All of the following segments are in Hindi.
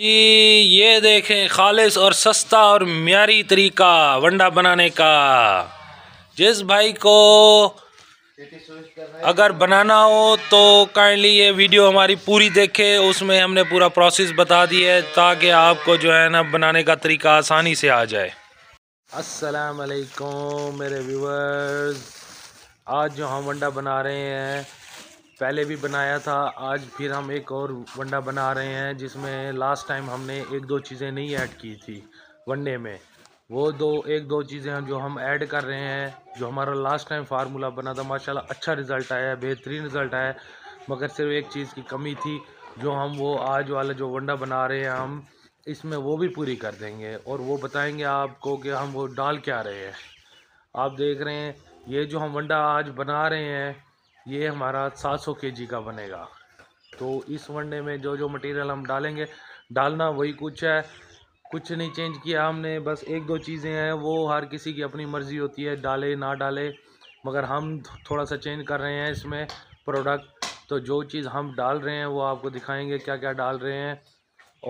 जी ये देखें खालिश और सस्ता और म्यारी तरीका वंडा बनाने का जिस भाई को अगर बनाना हो तो काइंडली ये वीडियो हमारी पूरी देखे उसमें हमने पूरा प्रोसेस बता दिया है ताकि आपको जो है ना बनाने का तरीका आसानी से आ जाए असलकुम मेरे व्यूवर्स आज जो हम वंडा बना रहे हैं पहले भी बनाया था आज फिर हम एक और वंडा बना रहे हैं जिसमें लास्ट टाइम हमने एक दो चीज़ें नहीं ऐड की थी वनडे में वो दो एक दो चीज़ें जो हम ऐड कर रहे हैं जो हमारा लास्ट टाइम फार्मूला बना था माशाल्लाह अच्छा रिज़ल्ट आया है बेहतरीन रिज़ल्ट आया मगर सिर्फ एक चीज़ की कमी थी जो हम वो आज वाला जो वंडा बना रहे हैं हम इसमें वो भी पूरी कर देंगे और वो बताएंगे आपको कि हम वो डाल क्या रहे हैं आप देख रहे हैं ये जो हम वंडा आज बना रहे हैं ये हमारा 700 केजी का बनेगा तो इस वनडे में जो जो मटेरियल हम डालेंगे डालना वही कुछ है कुछ नहीं चेंज किया हमने बस एक दो चीज़ें हैं वो हर किसी की अपनी मर्ज़ी होती है डाले ना डाले मगर हम थोड़ा सा चेंज कर रहे हैं इसमें प्रोडक्ट तो जो चीज़ हम डाल रहे हैं वो आपको दिखाएंगे क्या क्या डाल रहे हैं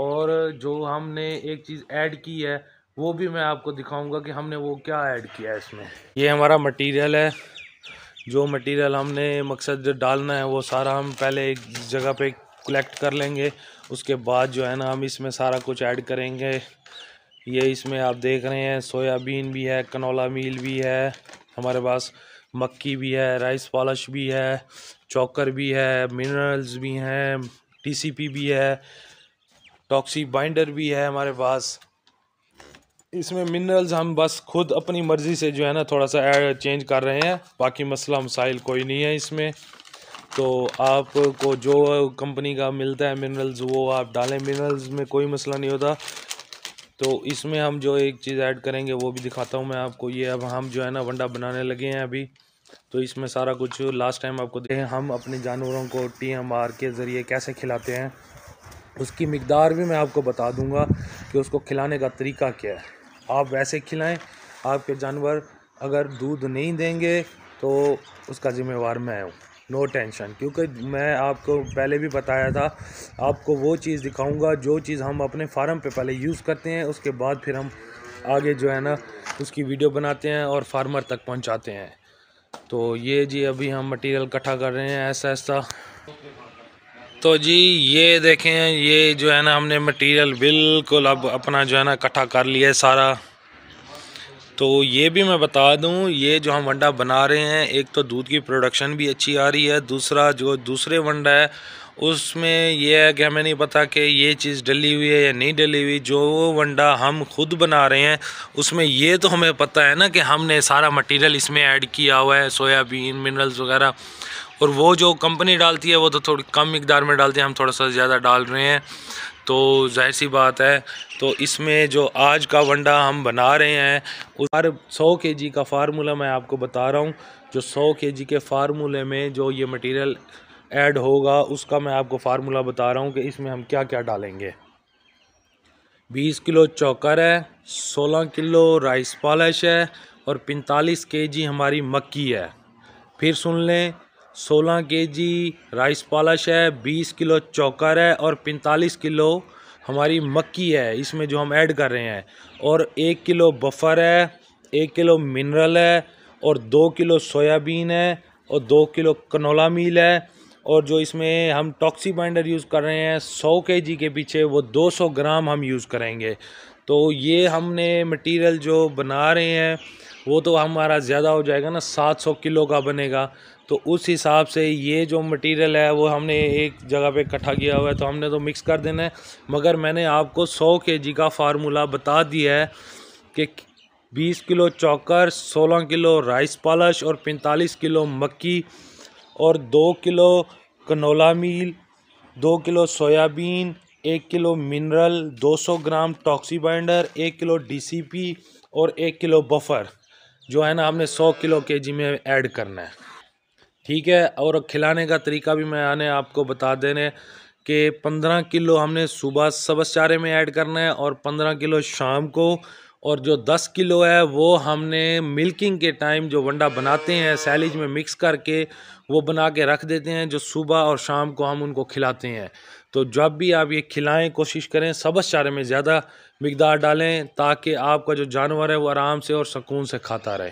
और जो हमने एक चीज़ ऐड की है वो भी मैं आपको दिखाऊंगा कि हमने वो क्या ऐड किया है इसमें ये हमारा मटेरियल है जो मटेरियल हमने मकसद डालना है वो सारा हम पहले एक जगह पे कलेक्ट कर लेंगे उसके बाद जो है ना हम इसमें सारा कुछ ऐड करेंगे ये इसमें आप देख रहे हैं सोयाबीन भी है कनोला मील भी है हमारे पास मक्की भी है राइस पॉलिश भी है चौकर भी है मिनरल्स भी हैं टीसीपी भी है टॉक्सी बाइंडर भी है हमारे पास इसमें मिनरल्स हम बस खुद अपनी मर्ज़ी से जो है ना थोड़ा सा ऐड चेंज कर रहे हैं बाकी मसला मसाइल कोई नहीं है इसमें तो आपको जो कंपनी का मिलता है मिनरल्स वो आप डालें मिनरल्स में कोई मसला नहीं होता तो इसमें हम जो एक चीज़ ऐड करेंगे वो भी दिखाता हूँ मैं आपको ये अब हम जो है ना वंडा बनाने लगे हैं अभी तो इसमें सारा कुछ लास्ट टाइम आपको देखें हम अपने जानवरों को टी एम आर के ज़रिए कैसे खिलाते हैं उसकी मकदार भी मैं आपको बता दूंगा कि उसको खिलाने का तरीका क्या है आप वैसे खिलाएं आपके जानवर अगर दूध नहीं देंगे तो उसका ज़िम्मेवार मैं हूँ नो टेंशन क्योंकि मैं आपको पहले भी बताया था आपको वो चीज़ दिखाऊंगा जो चीज़ हम अपने फार्म पे पहले यूज़ करते हैं उसके बाद फिर हम आगे जो है ना उसकी वीडियो बनाते हैं और फार्मर तक पहुँचाते हैं तो ये जी अभी हम मटेरियल इकट्ठा कर रहे हैं ऐसा ऐसा तो जी ये देखें ये जो है ना हमने मटेरियल बिल्कुल अब अपना जो है ना इकट्ठा कर लिया है सारा तो ये भी मैं बता दूं ये जो हम वंडा बना रहे हैं एक तो दूध की प्रोडक्शन भी अच्छी आ रही है दूसरा जो दूसरे वंडा है उसमें यह है कि हमें नहीं पता कि ये चीज़ डली हुई है या नहीं डली हुई जो वंडा हम खुद बना रहे हैं उसमें ये तो हमें पता है ना कि हमने सारा मटेरियल इसमें ऐड किया हुआ है सोयाबीन मिनरल्स वगैरह और वो जो कंपनी डालती है वो तो थोड़ी कम मकदार में डालती है हम थोड़ा सा ज़्यादा डाल रहे हैं तो जाहिर सी बात है तो इसमें जो आज का वंडा हम बना रहे हैं उस हर सौ के जी का फार्मूला मैं आपको बता रहा हूँ जो सौ के जी के फार्मूले में जो ये मटेरियल ऐड होगा उसका मैं आपको फार्मूला बता रहा हूँ कि इसमें हम क्या क्या डालेंगे बीस किलो चौकर है सोलह किलो राइस पॉलिश है और पैंतालीस के जी हमारी मक्की है फिर सुन लें सोलह के जी राइस पॉलिश है बीस किलो चौकर है और पैंतालीस किलो हमारी मक्की है इसमें जो हम ऐड कर रहे हैं और एक किलो बफर है एक किलो मिनरल है और दो किलो सोयाबीन है और दो किलो कनोला मील है और जो इसमें हम टॉक्सी बाइंडर यूज़ कर रहे हैं 100 के जी के पीछे वो 200 ग्राम हम यूज़ करेंगे तो ये हमने मटेरियल जो बना रहे हैं वो तो हमारा ज़्यादा हो जाएगा ना 700 किलो का बनेगा तो उस हिसाब से ये जो मटेरियल है वो हमने एक जगह पे इकट्ठा किया हुआ है तो हमने तो मिक्स कर देना है मगर मैंने आपको 100 जी का फार्मूला बता दिया है कि 20 किलो चौकर 16 किलो राइस पालश और 45 किलो मक्की और 2 किलो कनोला मील दो किलो सोयाबीन एक kilo mineral 200 gram toxin binder एक किलो डीसीपी और एक किलो बफर जो है ना हमने 100 किलो के जी में ऐड करना है ठीक है और खिलाने का तरीका भी मैं आने आपको बता देने कि 15 किलो हमने सुबह सबस चारे में ऐड करना है और 15 किलो शाम को और जो 10 किलो है वो हमने मिल्किंग के टाइम जो वंडा बनाते हैं सैलिज में मिक्स करके वो बना के रख देते हैं जो सुबह और शाम को हम उनको खिलाते हैं तो जब भी आप ये खिलाएं कोशिश करें सबस चारे में ज़्यादा मकदार डालें ताकि आपका जो जानवर है वो आराम से और सुकून से खाता रहे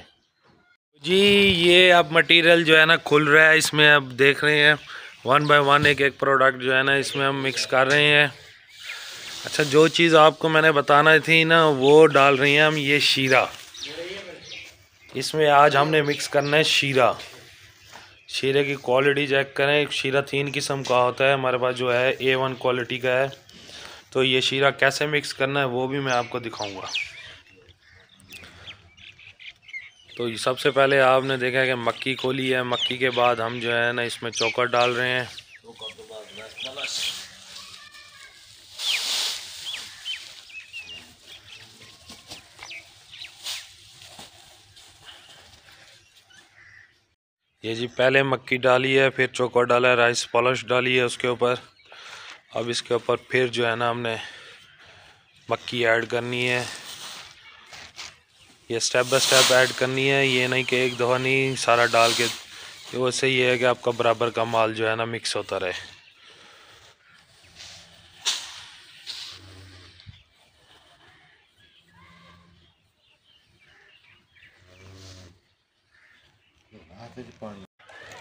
जी ये अब मटेरियल जो है ना खुल रहा है इसमें अब देख रहे हैं वन बाय वन एक एक प्रोडक्ट जो है ना इसमें हम मिक्स कर रहे हैं अच्छा जो चीज़ आपको मैंने बताना थी ना वो डाल रही हैं हम ये शीरा इसमें आज हमने मिक्स करना है शीरा शीरे की क्वालिटी चेक करें शीरा तीन किस्म का होता है हमारे पास जो है ए वन क्वालिटी का है तो ये शीरा कैसे मिक्स करना है वो भी मैं आपको दिखाऊंगा तो सबसे पहले आपने देखा है कि मक्की खोली है मक्की के बाद हम जो है ना इसमें चौकर डाल रहे हैं ये जी पहले मक्की डाली है फिर चोकर डाला है राइस पॉलिश डाली है उसके ऊपर अब इसके ऊपर फिर जो है ना हमने मक्की ऐड करनी है ये स्टेप बाय स्टेप ऐड करनी है ये नहीं कि एक दफ़ा नहीं सारा डाल के तो वैसे ये है कि आपका बराबर का माल जो है ना मिक्स होता रहे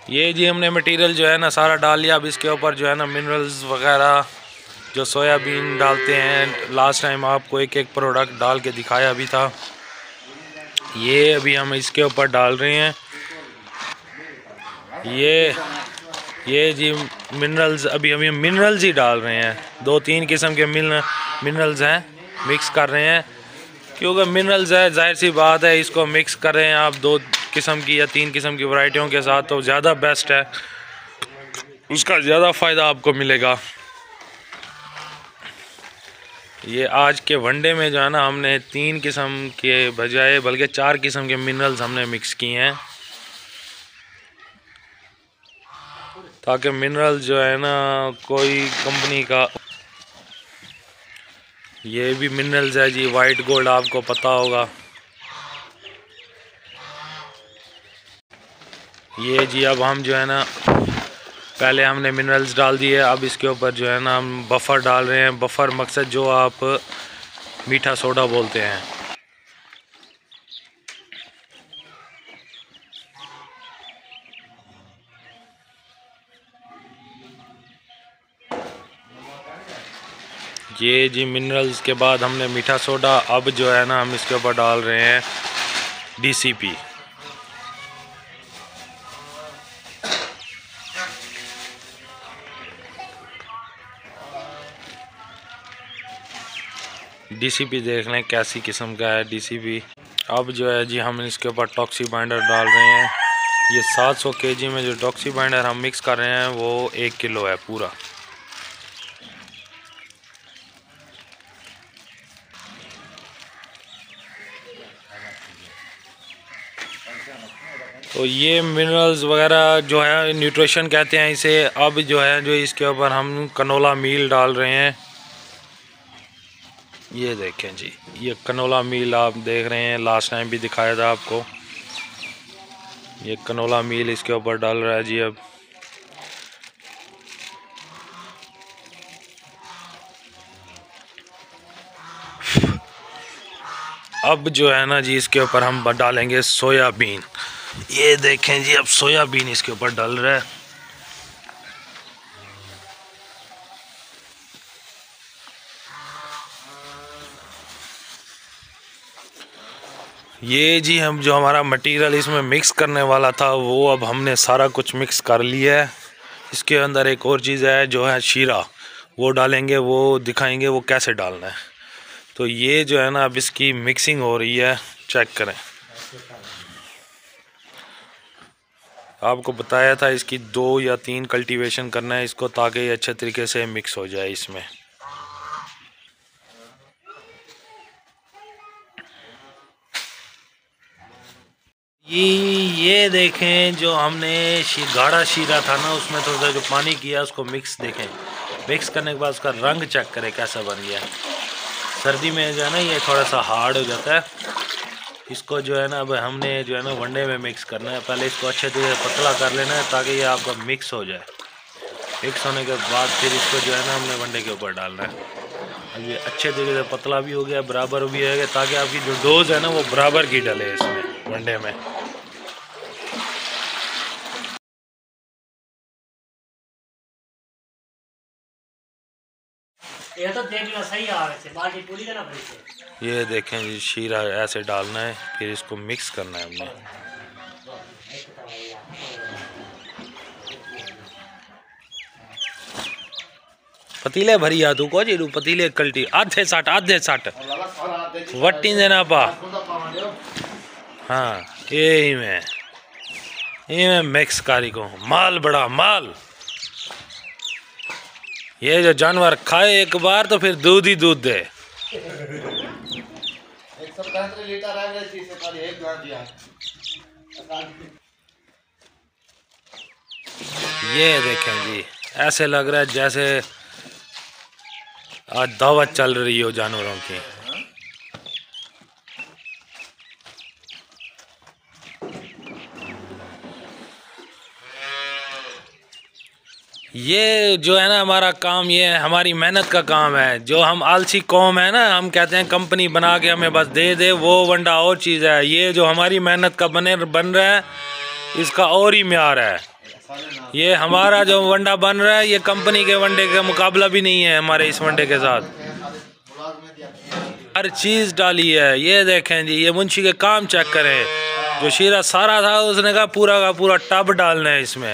ये जी हमने मटेरियल जो है ना सारा डाल लिया अब इसके ऊपर जो है ना मिनरल्स वगैरह जो सोयाबीन डालते हैं लास्ट टाइम आपको एक एक प्रोडक्ट डाल के दिखाया भी था ये अभी हम इसके ऊपर डाल रहे हैं ये ये जी मिनरल्स अभी अभी हम मिनरल्स ही डाल रहे हैं दो तीन किस्म के मिन मिनरल्स हैं मिक्स कर रहे हैं क्योंकि मिनरल्स है जाहिर सी बात है इसको मिक्स करें आप दो किस्म की या तीन किस्म की वैरायटियों के साथ तो ज़्यादा बेस्ट है उसका ज़्यादा फ़ायदा आपको मिलेगा ये आज के वनडे में जो है ना हमने तीन किस्म के बजाय बल्कि चार किस्म के मिनरल्स हमने मिक्स किए हैं ताकि मिनरल जो है ना कोई कंपनी का ये भी मिनरल्स है जी वाइट गोल्ड आपको पता होगा ये जी अब हम जो है ना पहले हमने मिनरल्स डाल दिए अब इसके ऊपर जो है ना हम बफ़र डाल रहे हैं बफ़र मकसद जो आप मीठा सोडा बोलते हैं ये जी मिनरल्स के बाद हमने मीठा सोडा अब जो है ना हम इसके ऊपर डाल रहे हैं डीसीपी डीसीपी देख लें कैसी किस्म का है डीसीपी अब जो है जी हम इसके ऊपर टॉक्सी बाइंडर डाल रहे हैं ये 700 सौ में जो टॉक्सी बाइंडर हम मिक्स कर रहे हैं वो एक किलो है पूरा तो ये मिनरल्स वगैरह जो है न्यूट्रिशन कहते हैं इसे अब जो है जो इसके ऊपर हम कनोला मील डाल रहे हैं ये देखें जी ये कनोला मील आप देख रहे हैं लास्ट टाइम भी दिखाया था आपको ये कनोला मील इसके ऊपर डाल रहा है जी अब अब जो है ना जी इसके ऊपर हम डालेंगे सोयाबीन ये देखें जी अब सोयाबीन इसके ऊपर डाल रहा है ये जी हम जो हमारा मटेरियल इसमें मिक्स करने वाला था वो अब हमने सारा कुछ मिक्स कर लिया है इसके अंदर एक और चीज़ है जो है शीरा वो डालेंगे वो दिखाएंगे वो कैसे डालना है तो ये जो है ना अब इसकी मिक्सिंग हो रही है चेक करें आपको बताया था इसकी दो या तीन कल्टीवेशन करना है इसको ताकि अच्छे तरीके से मिक्स हो जाए इसमें ये ये देखें जो हमने शी, गाढ़ा शीरा था ना उसमें थोड़ा सा जो पानी किया उसको मिक्स देखें मिक्स करने के बाद उसका रंग चेक करें कैसा बन गया सर्दी में जो है ना ये थोड़ा सा हार्ड हो जाता है इसको जो है ना अब हमने जो है ना वनडे में मिक्स करना है पहले इसको अच्छे से पतला कर लेना है ताकि ये आपका मिक्स हो जाए मिक्स होने के बाद फिर इसको जो है ना हमने वनडे के ऊपर डालना है अब ये अच्छे तरीके से पतला भी हो गया बराबर भी हो गया ताकि आपकी जो डोज है ना वो बराबर की डले इसमें वनडे में ये तो देख लो सही आ रहे बाल्टी पूरी करना पड़ेगी ये देखें जी शीरा ऐसे डालना है फिर इसको मिक्स करना है हमने पतीले भरी आ तू को जी पतीले कल्टी आधे साठ आधे साठ वट्टी देना पा हाँ ये ही मैं ये मैं मिक्स कारी को माल बड़ा माल ये जो जानवर खाए एक बार तो फिर दूध ही दूध दे ये देखें जी ऐसे लग रहा है जैसे आज दावत चल रही हो जानवरों की ये जो है ना हमारा काम ये है हमारी मेहनत का काम है जो हम आलसी कौम है ना हम कहते हैं कंपनी बना के हमें बस दे दे वो वंडा और चीज़ है ये जो हमारी मेहनत का बने बन रहा है इसका और ही म्यार है ये हमारा जो वंडा बन रहा है ये कंपनी के वंडे का मुकाबला भी नहीं है हमारे इस वंडे के साथ हर चीज़ डाली है ये देखें जी ये मुंशी के काम चेक करें जो शीरा सारा था उसने कहा पूरा का पूरा टब डालना है इसमें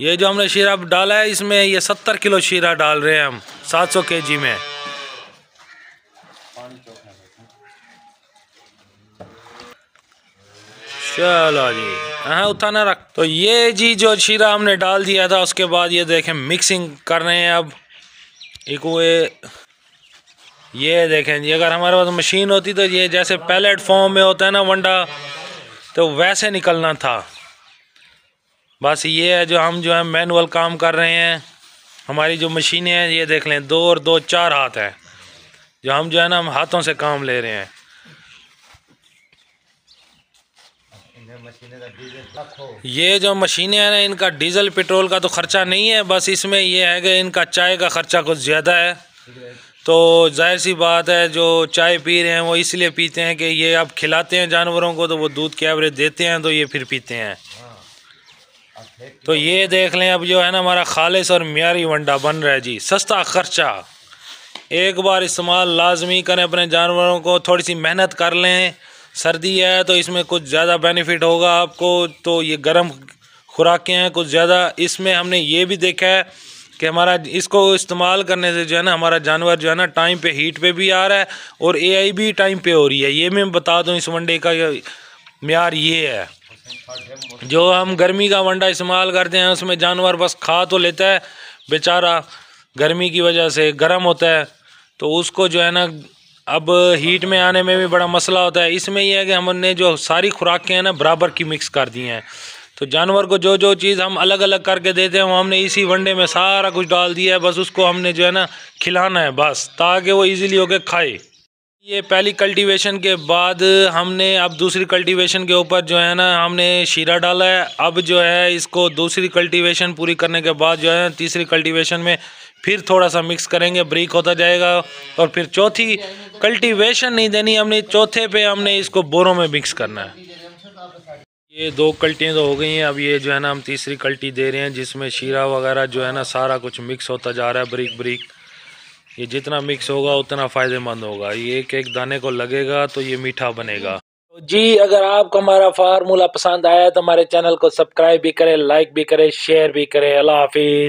ये जो हमने शीरा डाला है इसमें ये सत्तर किलो शीरा डाल रहे हैं हम सात सौ के जी में चलो जी हाँ उठाना रख तो ये जी जो शीरा हमने डाल दिया था उसके बाद ये देखें मिक्सिंग कर रहे हैं अब एक वे ये देखें जी अगर हमारे पास मशीन होती तो ये जैसे पैलेट फॉर्म में होता है ना वंडा तो वैसे निकलना था बस ये है जो हम जो है मैनुअल काम कर रहे हैं हमारी जो मशीनें हैं ये देख लें दो और दो चार हाथ हैं जो हम जो है ना हम हाथों से काम ले रहे हैं ये जो मशीनें हैं ना इनका डीजल पेट्रोल का तो ख़र्चा नहीं है बस इसमें यह है कि इनका चाय का ख़र्चा कुछ ज़्यादा है तो जाहिर सी बात है जो चाय पी रहे हैं वो इसलिए पीते हैं कि ये आप खिलाते हैं जानवरों को तो वो दूध के एवरेज देते हैं तो ये फिर पीते हैं तो ये देख लें अब जो है ना हमारा खालिश और मीरी वंडा बन रहा है जी सस्ता खर्चा एक बार इस्तेमाल लाजमी करें अपने जानवरों को थोड़ी सी मेहनत कर लें सर्दी है तो इसमें कुछ ज़्यादा बेनिफिट होगा आपको तो ये गर्म खुराकें हैं कुछ ज़्यादा इसमें हमने ये भी देखा है कि हमारा इसको इस्तेमाल करने से जो है ना हमारा जानवर जो है ना टाइम पे हीट पे भी आ रहा है और एआई भी टाइम पे हो रही है ये मैं बता दूँ इस वनडे का मैार ये है जो हम गर्मी का वंडा इस्तेमाल करते हैं उसमें जानवर बस खा तो लेता है बेचारा गर्मी की वजह से गर्म होता है तो उसको जो है ना अब हीट में आने में भी बड़ा मसला होता है इसमें यह है कि हमने जो सारी खुराकें हैं ना बराबर की मिक्स कर दी हैं तो जानवर को जो जो चीज़ हम अलग अलग करके देते हैं वो हमने इसी वंडे में सारा कुछ डाल दिया है बस उसको हमने जो है ना खिलाना है बस ताकि वो इजीली होकर खाए ये पहली कल्टीवेशन के बाद हमने अब दूसरी कल्टीवेशन के ऊपर जो है ना हमने शीरा डाला है अब जो है इसको दूसरी कल्टीवेशन पूरी करने के बाद जो है तीसरी कल्टीवेशन में फिर थोड़ा सा मिक्स करेंगे ब्रीक होता जाएगा और फिर चौथी कल्टीवेशन नहीं देनी हमने चौथे पे हमने इसको बोरों में मिक्स करना है ये दो कल्टियाँ तो हो गई हैं अब ये जो है ना हम तीसरी कल्टी दे रहे हैं जिसमें शीरा वगैरह जो है ना सारा कुछ मिक्स होता जा रहा है ब्रीक ब्रिक ये जितना मिक्स होगा उतना फ़ायदेमंद होगा ये एक एक दाने को लगेगा तो ये मीठा बनेगा जी अगर आपको हमारा फार्मूला पसंद आया तो हमारे चैनल को सब्सक्राइब भी करें लाइक भी करें शेयर भी करें अल्लाह हाफिज़